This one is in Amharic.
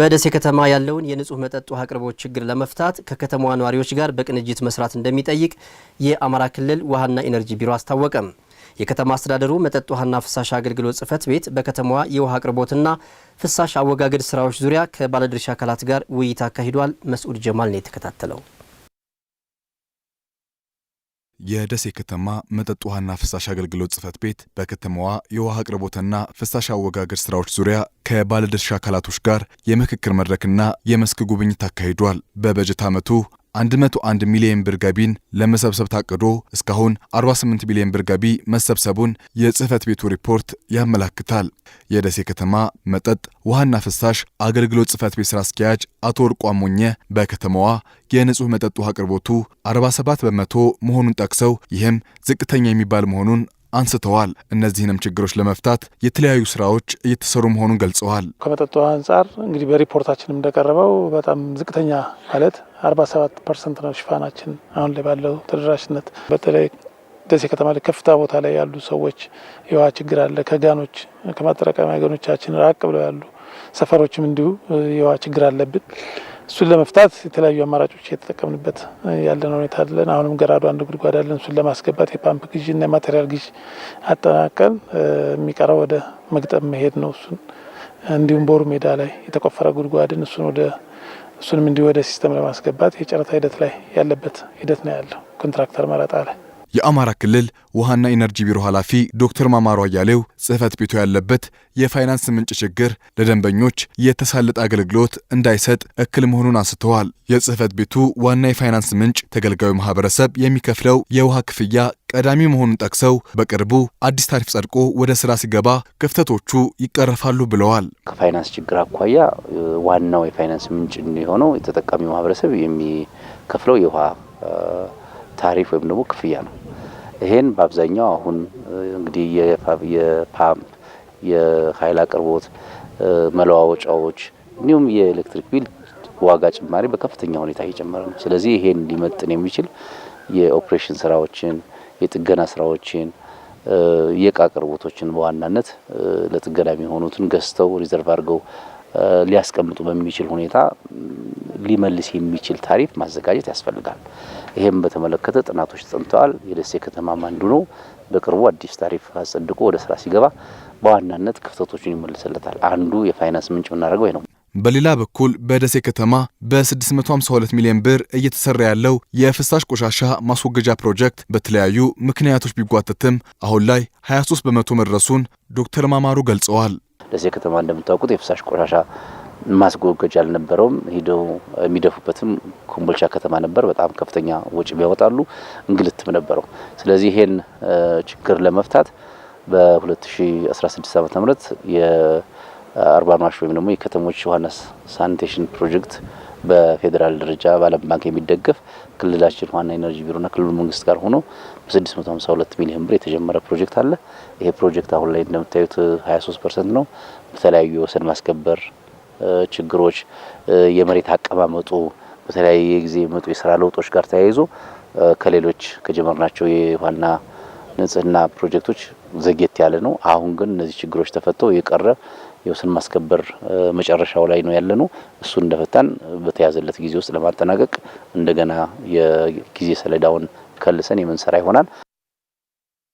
በደሴ ከተማ ያለውን የንጹህ መጠጥ ውሃ አቅርቦት ችግር ለመፍታት ከከተማዋ ነዋሪዎች ጋር በቅንጅት መስራት እንደሚጠይቅ የአማራ ክልል ውሃና ኢነርጂ ቢሮ አስታወቀም። የከተማ አስተዳደሩ መጠጥ ውሃና ፍሳሽ አገልግሎት ጽፈት ቤት በከተማዋ የውሃ አቅርቦትና ፍሳሽ አወጋገድ ስራዎች ዙሪያ ከባለድርሻ አካላት ጋር ውይይት አካሂዷል። መስዑድ ጀማል ነው የተከታተለው። የደሴ ከተማ መጠጥ ውሃና ፍሳሽ አገልግሎት ጽፈት ቤት በከተማዋ የውሃ አቅርቦትና ፍሳሽ አወጋገድ ስራዎች ዙሪያ ከባለድርሻ አካላቶች ጋር የምክክር መድረክና የመስክ ጉብኝት አካሂዷል። በበጀት ዓመቱ 101 ሚሊዮን ብር ገቢን ለመሰብሰብ ታቅዶ እስካሁን 48 ሚሊዮን ብር ገቢ መሰብሰቡን የጽህፈት ቤቱ ሪፖርት ያመላክታል። የደሴ ከተማ መጠጥ ውሃና ፍሳሽ አገልግሎት ጽህፈት ቤት ስራ አስኪያጅ አቶ ወርቁ አሞኘ በከተማዋ የንጹህ መጠጥ ውሃ አቅርቦቱ 47 በመቶ መሆኑን ጠቅሰው ይህም ዝቅተኛ የሚባል መሆኑን አንስተዋል። እነዚህንም ችግሮች ለመፍታት የተለያዩ ስራዎች እየተሰሩ መሆኑን ገልጸዋል። ከመጠጥ ውሃ አንጻር እንግዲህ በሪፖርታችንም እንደቀረበው በጣም ዝቅተኛ ማለት 47 ፐርሰንት ነው ሽፋናችን አሁን ላይ ባለው ተደራሽነት በተለይ ደሴ ከተማ ላይ ከፍታ ቦታ ላይ ያሉ ሰዎች የውሃ ችግር አለ። ከጋኖች ከማጠራቀሚያ ገኖቻችን ራቅ ብለው ያሉ ሰፈሮችም እንዲሁ የውሃ ችግር አለብን። እሱን ለመፍታት የተለያዩ አማራጮች እየተጠቀምንበት ያለን ሁኔታ አለን። አሁንም ገራዶ አንድ ጉድጓድ አለን። እሱን ለማስገባት የፓምፕ ግዥና የማቴሪያል ግዥ አጠናቀን የሚቀረው ወደ መግጠም መሄድ ነው። እሱን እንዲሁም ቦሩ ሜዳ ላይ የተቆፈረ ጉድጓድን እሱን ወደ እሱንም እንዲሁ ወደ ሲስተም ለማስገባት የጨረታ ሂደት ላይ ያለበት ሂደት ነው ያለው ኮንትራክተር መረጣ ላይ የአማራ ክልል ውሃና ኢነርጂ ቢሮ ኃላፊ ዶክተር ማማሩ አያሌው ጽህፈት ቤቱ ያለበት የፋይናንስ ምንጭ ችግር ለደንበኞች የተሳለጠ አገልግሎት እንዳይሰጥ እክል መሆኑን አንስተዋል። የጽህፈት ቤቱ ዋና የፋይናንስ ምንጭ ተገልጋዩ ማህበረሰብ የሚከፍለው የውሃ ክፍያ ቀዳሚ መሆኑን ጠቅሰው በቅርቡ አዲስ ታሪፍ ጸድቆ ወደ ስራ ሲገባ ክፍተቶቹ ይቀረፋሉ ብለዋል። ከፋይናንስ ችግር አኳያ ዋናው የፋይናንስ ምንጭ የሆነው የተጠቃሚ ማህበረሰብ የሚከፍለው የውሃ ታሪፍ ወይም ደግሞ ክፍያ ነው። ይሄን በአብዛኛው አሁን እንግዲህ የፓምፕ የኃይል አቅርቦት መለዋወጫዎች፣ እንዲሁም የኤሌክትሪክ ቢል ዋጋ ጭማሪ በከፍተኛ ሁኔታ እየጨመረ ነው። ስለዚህ ይሄን ሊመጥን የሚችል የኦፕሬሽን ስራዎችን፣ የጥገና ስራዎችን፣ የእቃ አቅርቦቶችን በዋናነት ለጥገና የሚሆኑትን ገዝተው ሪዘርቭ አድርገው ሊያስቀምጡ በሚችል ሁኔታ ሊመልስ የሚችል ታሪፍ ማዘጋጀት ያስፈልጋል። ይህም በተመለከተ ጥናቶች ተጠምተዋል የደሴ ከተማም አንዱ ነው። በቅርቡ አዲስ ታሪፍ አጸድቆ ወደ ስራ ሲገባ በዋናነት ክፍተቶችን ይመልስለታል። አንዱ የፋይናንስ ምንጭ የምናደርገው ነው። በሌላ በኩል በደሴ ከተማ በ652 ሚሊዮን ብር እየተሰራ ያለው የፍሳሽ ቆሻሻ ማስወገጃ ፕሮጀክት በተለያዩ ምክንያቶች ቢጓተትም አሁን ላይ 23 በመቶ መድረሱን ዶክተር ማማሩ ገልጸዋል። ደሴ ከተማ እንደምታውቁት የፍሳሽ ቆሻሻ ማስጎገጃ አልነበረውም። ሂደው የሚደፉበትም ኮምቦልቻ ከተማ ነበር። በጣም ከፍተኛ ወጪ ቢያወጣሉ፣ እንግልትም ነበረው። ስለዚህ ይሄን ችግር ለመፍታት በ2016 ዓ ም የአርባን ዋሽ ወይም ደግሞ የከተሞች ውሃና ሳኒቴሽን ፕሮጀክት በፌዴራል ደረጃ በዓለም ባንክ የሚደገፍ ክልላችን ዋና ኤነርጂ ቢሮና ክልሉ መንግስት ጋር ሆኖ በ652 ሚሊዮን ብር የተጀመረ ፕሮጀክት አለ። ይሄ ፕሮጀክት አሁን ላይ እንደምታዩት 23 ፐርሰንት ነው። በተለያዩ የወሰን ማስከበር ችግሮች፣ የመሬት አቀማመጡ በተለያየ ጊዜ የመጡ የስራ ለውጦች ጋር ተያይዞ ከሌሎች ከጀመርናቸው የዋና ንጽህና ፕሮጀክቶች ዘጌት ያለ ነው። አሁን ግን እነዚህ ችግሮች ተፈተው የቀረ የወሰን ማስከበር መጨረሻው ላይ ነው ያለ ነው። እሱን እንደፈታን በተያዘለት ጊዜ ውስጥ ለማጠናቀቅ እንደገና የጊዜ ሰሌዳውን ከልሰን የምንሰራ ይሆናል።